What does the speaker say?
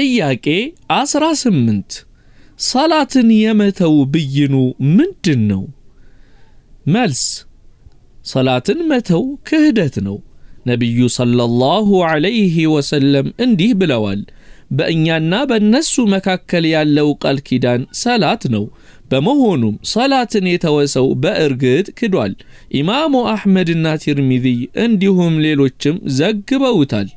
ጥያቄ 18 ሰላትን የመተው ብይኑ ምንድን ነው? መልስ ሰላትን መተው ክህደት ነው። ነቢዩ ሰለላሁ ዐለይሂ ወሰለም እንዲህ ብለዋል፣ በእኛና በእነሱ መካከል ያለው ቃል ኪዳን ሰላት ነው። በመሆኑም ሰላትን የተወሰው በእርግጥ ክዷል። ኢማሙ አሕመድና ትርሚዚ እንዲሁም ሌሎችም ዘግበውታል።